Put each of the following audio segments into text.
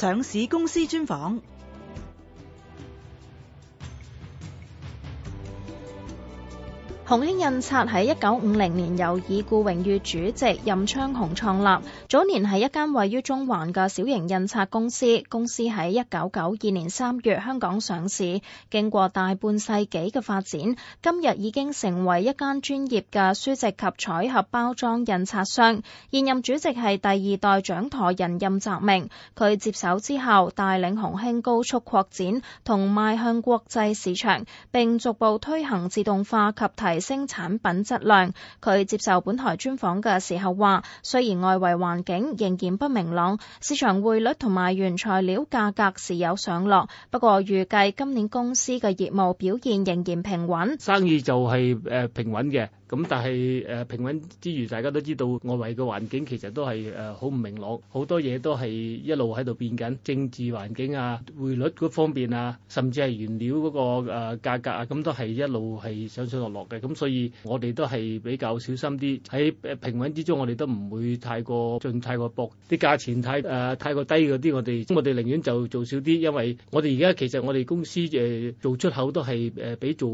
上市公司專訪。鴻興印刷喺一九五零年由已故榮譽主席任昌洪創立，早年係一間位於中環嘅小型印刷公司。公司喺一九九二年三月香港上市，經過大半世紀嘅發展，今日已經成為一間專業嘅書籍及彩盒包裝印刷商。現任主席係第二代掌舵人任澤明，佢接手之後帶領鴻興高速擴展同邁向國際市場，並逐步推行自動化及提提升產品質量。佢接受本台專訪嘅時候話，雖然外圍環境仍然不明朗，市場匯率同埋原材料價格時有上落，不過預計今年公司嘅業務表現仍然平穩，生意就係誒平穩嘅。咁但係平穩之餘，大家都知道外圍嘅環境其實都係好唔明朗，好多嘢都係一路喺度變緊，政治環境啊、匯率嗰方面啊，甚至係原料嗰個價格啊，咁都係一路係上上落落嘅。咁所以我哋都係比較小心啲，喺平穩之中，我哋都唔會太過盡太過薄啲價錢太、呃、太過低嗰啲，我哋我哋寧願就做少啲，因為我哋而家其實我哋公司做出口都係比做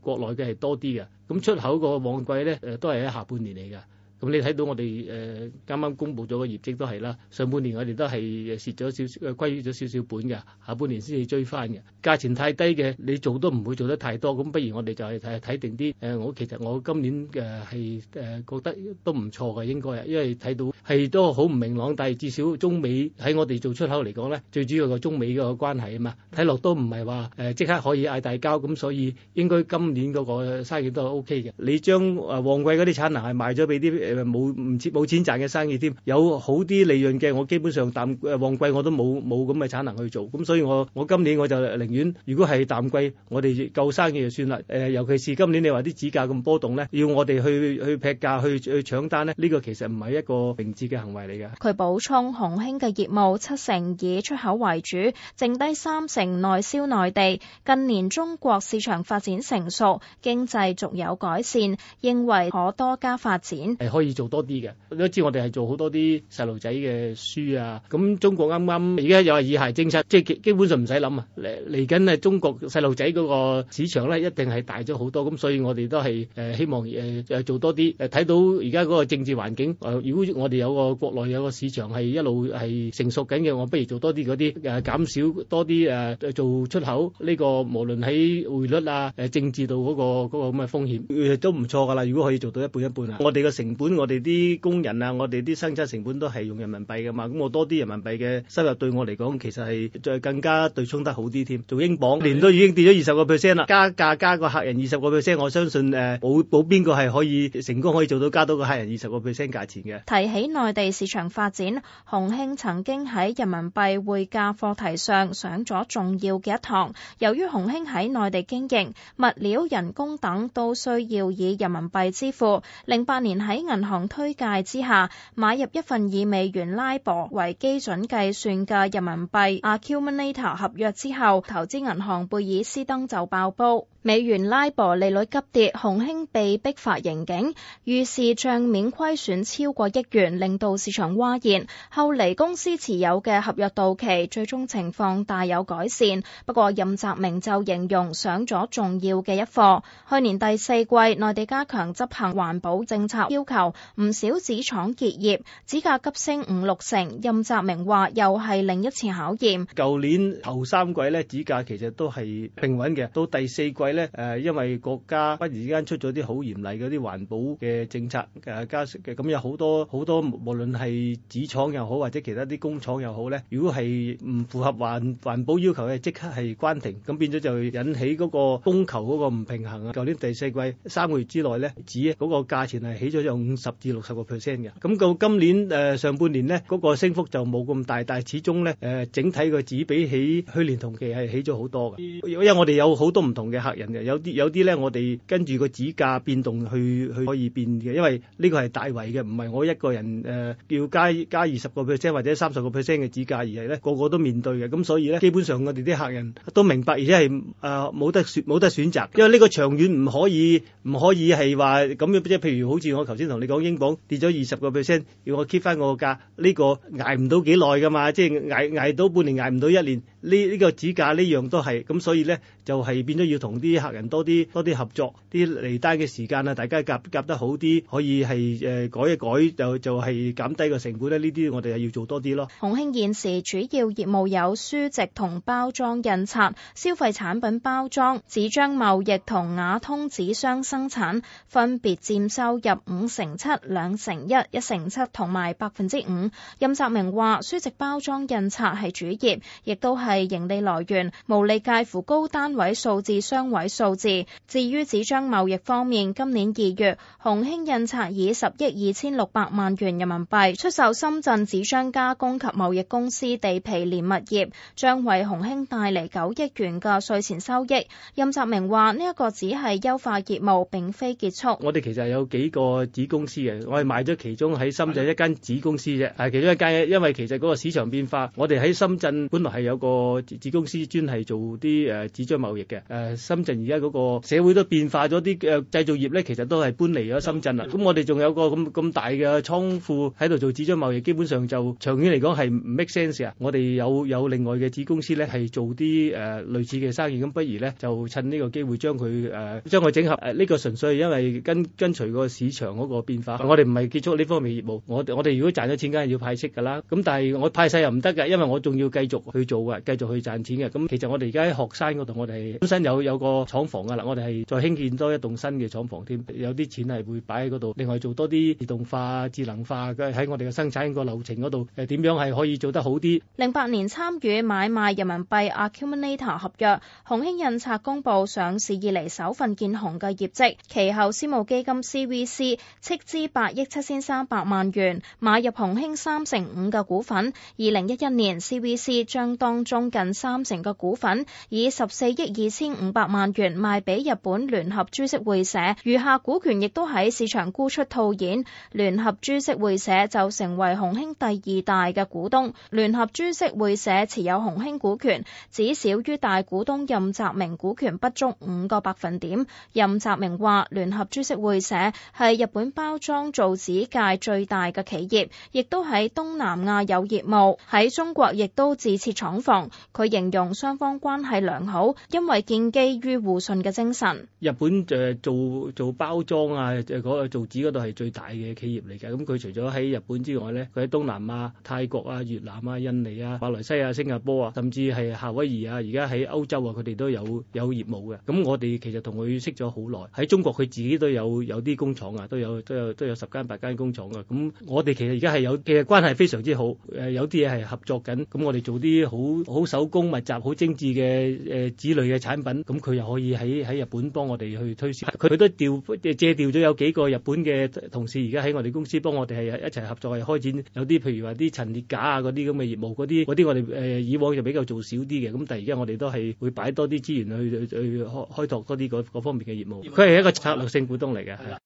國內嘅係多啲嘅，咁出口個旺季咧，誒都係喺下半年嚟㗎。咁你睇到我哋誒，啱啱公布咗個業績都係啦，上半年我哋都係蝕咗少少，虧咗少少本嘅，下半年先至追翻嘅。價錢太低嘅，你做都唔會做得太多，咁不如我哋就係睇定啲。誒，我其實我今年嘅係誒覺得都唔錯嘅，應該啊，因為睇到係都好唔明朗，但係至少中美喺我哋做出口嚟講咧，最主要個中美個關係啊嘛，睇落都唔係話誒即刻可以嗌大交，咁所以應該今年嗰個生意都係 O K 嘅。你將誒旺季嗰啲產能係賣咗俾啲。冇，唔冇錢賺嘅生意添，有好啲利潤嘅。我基本上淡旺季我都冇冇咁嘅產能去做，咁所以我我今年我就寧願如果係淡季，我哋夠生意就算啦。誒，尤其是今年你話啲指價咁波動咧，要我哋去去劈價去去搶單咧，呢個其實唔係一個明智嘅行為嚟嘅。佢補充，鴻興嘅業務七成以出口為主，剩低三成內銷內地。近年中國市場發展成熟，經濟逐有改善，認為可多加發展。可以做多啲嘅，都知我哋係做好多啲細路仔嘅書啊。咁中國啱啱而家又係以孩政策，即係基本上唔使諗啊。嚟嚟緊咧，中國細路仔嗰個市場咧，一定係大咗好多。咁所以我哋都係誒希望誒誒做多啲。誒睇到而家嗰個政治環境，誒如果我哋有個國內有個市場係一路係成熟緊嘅，我不如做多啲嗰啲誒減少多啲誒做出口呢個，無論喺匯率啊、誒政治度嗰個嗰個咁嘅風險都唔錯㗎啦。如果可以做到一半一半啊，我哋嘅成本。我哋啲工人啊，我哋啲生產成本都係用人民幣嘅嘛，咁我多啲人民幣嘅收入對我嚟講其實係再更加對沖得好啲添。做英鎊年都已經跌咗二十個 percent 啦，加價加個客人二十個 percent，我相信誒冇冇邊個係可以成功可以做到加多個客人二十個 percent 價錢嘅。提起內地市場發展，鴻興曾經喺人民幣匯價課題上上咗重要嘅一堂。由於鴻興喺內地經營物料、人工等都需要以人民幣支付。零八年喺銀。銀行推介之下，買入一份以美元拉博為基準計算嘅人民幣 accumulator 合約之後，投資銀行貝爾斯登就爆煲。美元拉博利率急跌，鴻興被迫發盈警，預示賬面虧損超過億元，令到市場嘩然。後嚟公司持有嘅合約到期，最終情況大有改善。不過任澤明就形容上咗重要嘅一課。去年第四季，內地加強執行環保政策，要求。唔少紙廠結業，紙價急升五六成。任澤明話又係另一次考驗。舊年頭三季咧，紙價其實都係平穩嘅，到第四季咧，誒，因為國家忽然之間出咗啲好嚴厲嗰啲環保嘅政策，誒，加嘅，咁有好多好多無論係紙廠又好或者其他啲工廠又好咧，如果係唔符合環環保要求嘅，即刻係關停，咁變咗就引起嗰個供求嗰個唔平衡啊！舊年第四季三個月之內咧，紙嗰個價錢係起咗用。五十至六十個 percent 嘅，咁到今年誒、呃、上半年咧，嗰、那個升幅就冇咁大，但係始終咧誒整體個紙比起去年同期係起咗好多嘅，因為我哋有好多唔同嘅客人嘅，有啲有啲咧我哋跟住個紙價變動去去可以變嘅，因為呢個係大圍嘅，唔係我一個人誒要、呃、加加二十個 percent 或者三十個 percent 嘅紙價，而係咧個個都面對嘅，咁所以咧基本上我哋啲客人都明白，而且係誒冇得冇得選擇，因為呢個長遠唔可以唔可以係話咁樣，即係譬如好似我頭先同。你講英鎊跌咗二十個 percent，如果 keep 翻我個價，呢個挨唔到幾耐噶嘛？即係挨挨到半年，挨唔到一年。呢呢個紙價呢樣都係咁，所以呢，就係、是、變咗要同啲客人多啲多啲合作，啲嚟單嘅時間啊，大家夾夾得好啲，可以係改一改就就係、是、減低個成本咧。呢啲我哋係要做多啲咯。鴻興現時主要業務有書籍同包裝印刷、消費產品包裝、紙張貿易同亞通紙箱生產，分別佔收入五成七、兩成一、一成七同埋百分之五。任澤明話：書籍包裝印刷係主業，亦都係。係盈利來源，毛利介乎高單位數字，雙位數字。至於紙張貿易方面，今年二月，鴻興印刷以十億二千六百萬元人民幣出售深圳紙張加工及貿易公司地皮連物業，將為鴻興帶嚟九億元嘅稅前收益。任澤明話：呢、這、一個只係優化業務，並非結束。我哋其實有幾個子公司嘅，我哋買咗其中喺深圳一間子公司啫，係其中一間。因為其實嗰個市場變化，我哋喺深圳本來係有個。子子公司專係做啲誒紙張貿易嘅，誒、啊、深圳而家嗰個社會都變化咗啲誒製造業咧，其實都係搬離咗深圳啦。咁我哋仲有個咁咁大嘅倉庫喺度做紙張貿易，基本上就長遠嚟講係唔 make sense 啊！我哋有有另外嘅子公司咧，係做啲誒、啊、類似嘅生意，咁不如咧就趁呢個機會將佢誒、啊、將佢整合誒。呢、啊這個純粹係因為跟跟隨個市場嗰個變化。我哋唔係結束呢方面業務，我我哋如果賺咗錢梗係要派息㗎啦。咁但係我派晒又唔得㗎，因為我仲要繼續去做㗎。繼續去賺錢嘅，咁其實我哋而家喺鶴山嗰度，我哋本身有有個廠房噶啦，我哋係再興建多一棟新嘅廠房添，有啲錢係會擺喺嗰度，另外做多啲自動化、智能化嘅，喺我哋嘅生產個流程度，誒點樣係可以做得好啲。零八年參與買賣人民幣 Accumulator 合約，鴻興印刷公布上市以嚟，首份見紅嘅業績，其後私募基金 CVC 斥資八億七千三百萬元買入鴻興三成五嘅股份，二零一一年 CVC 將當中。近三成嘅股份以十四億二千五百萬元賣俾日本聯合株式會社，餘下股權亦都喺市場沽出套現。聯合株式會社就成為鴻興第二大嘅股東。聯合株式會社持有鴻興股權，只少於大股東任澤明股權不足五個百分點。任澤明話，聯合株式會社係日本包裝造紙界最大嘅企業，亦都喺東南亞有業務，喺中國亦都自設廠房。佢形容雙方關係良好，因為建基於互信嘅精神。日本誒做做包裝啊，誒嗰個造紙嗰度係最大嘅企業嚟嘅。咁佢除咗喺日本之外咧，佢喺東南亞、泰國啊、越南啊、印尼啊、馬來西亞、新加坡啊，甚至係夏威夷啊，而家喺歐洲啊，佢哋都有有業務嘅。咁我哋其實同佢識咗好耐，喺中國佢自己都有有啲工廠啊，都有都有都有十間八間工廠噶。咁我哋其實而家係有，其實關係非常之好。誒，有啲嘢係合作緊，咁我哋做啲好好。好手工密集、好精緻嘅誒紙類嘅產品，咁佢又可以喺喺日本幫我哋去推銷。佢佢都調借調咗有幾個日本嘅同事，而家喺我哋公司幫我哋係一齊合作，係開展有啲譬如話啲陳列架啊嗰啲咁嘅業務，嗰啲嗰啲我哋誒以往就比較做少啲嘅，咁但係而家我哋都係會擺多啲資源去去去開開拓多啲嗰嗰方面嘅業務。佢係一個策略性股東嚟嘅。係啦。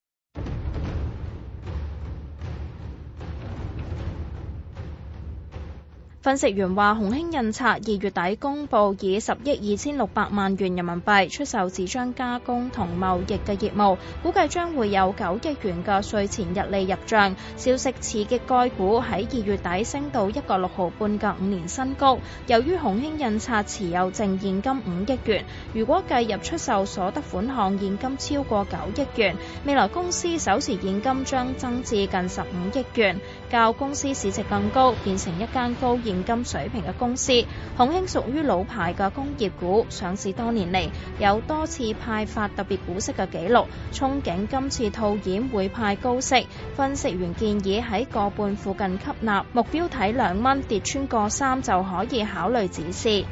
分析員話：鴻興印刷二月底公佈以十億二千六百萬元人民幣出售紙張加工同貿易嘅業務，估計將會有九億元嘅稅前溢利入帳。消息刺激該股喺二月底升到一個六毫半嘅五年新高。由於鴻興印刷持有淨現金五億元，如果計入出售所得款項，現金超過九億元，未來公司手持現金將增至近十五億元，較公司市值更高，變成一間高現現金水平嘅公司，鴻興屬於老牌嘅工業股，上市多年嚟，有多次派發特別股息嘅記錄，憧憬今次套現會派高息。分析員建議喺個半附近吸納，目標睇兩蚊，跌穿個三就可以考慮止蝕。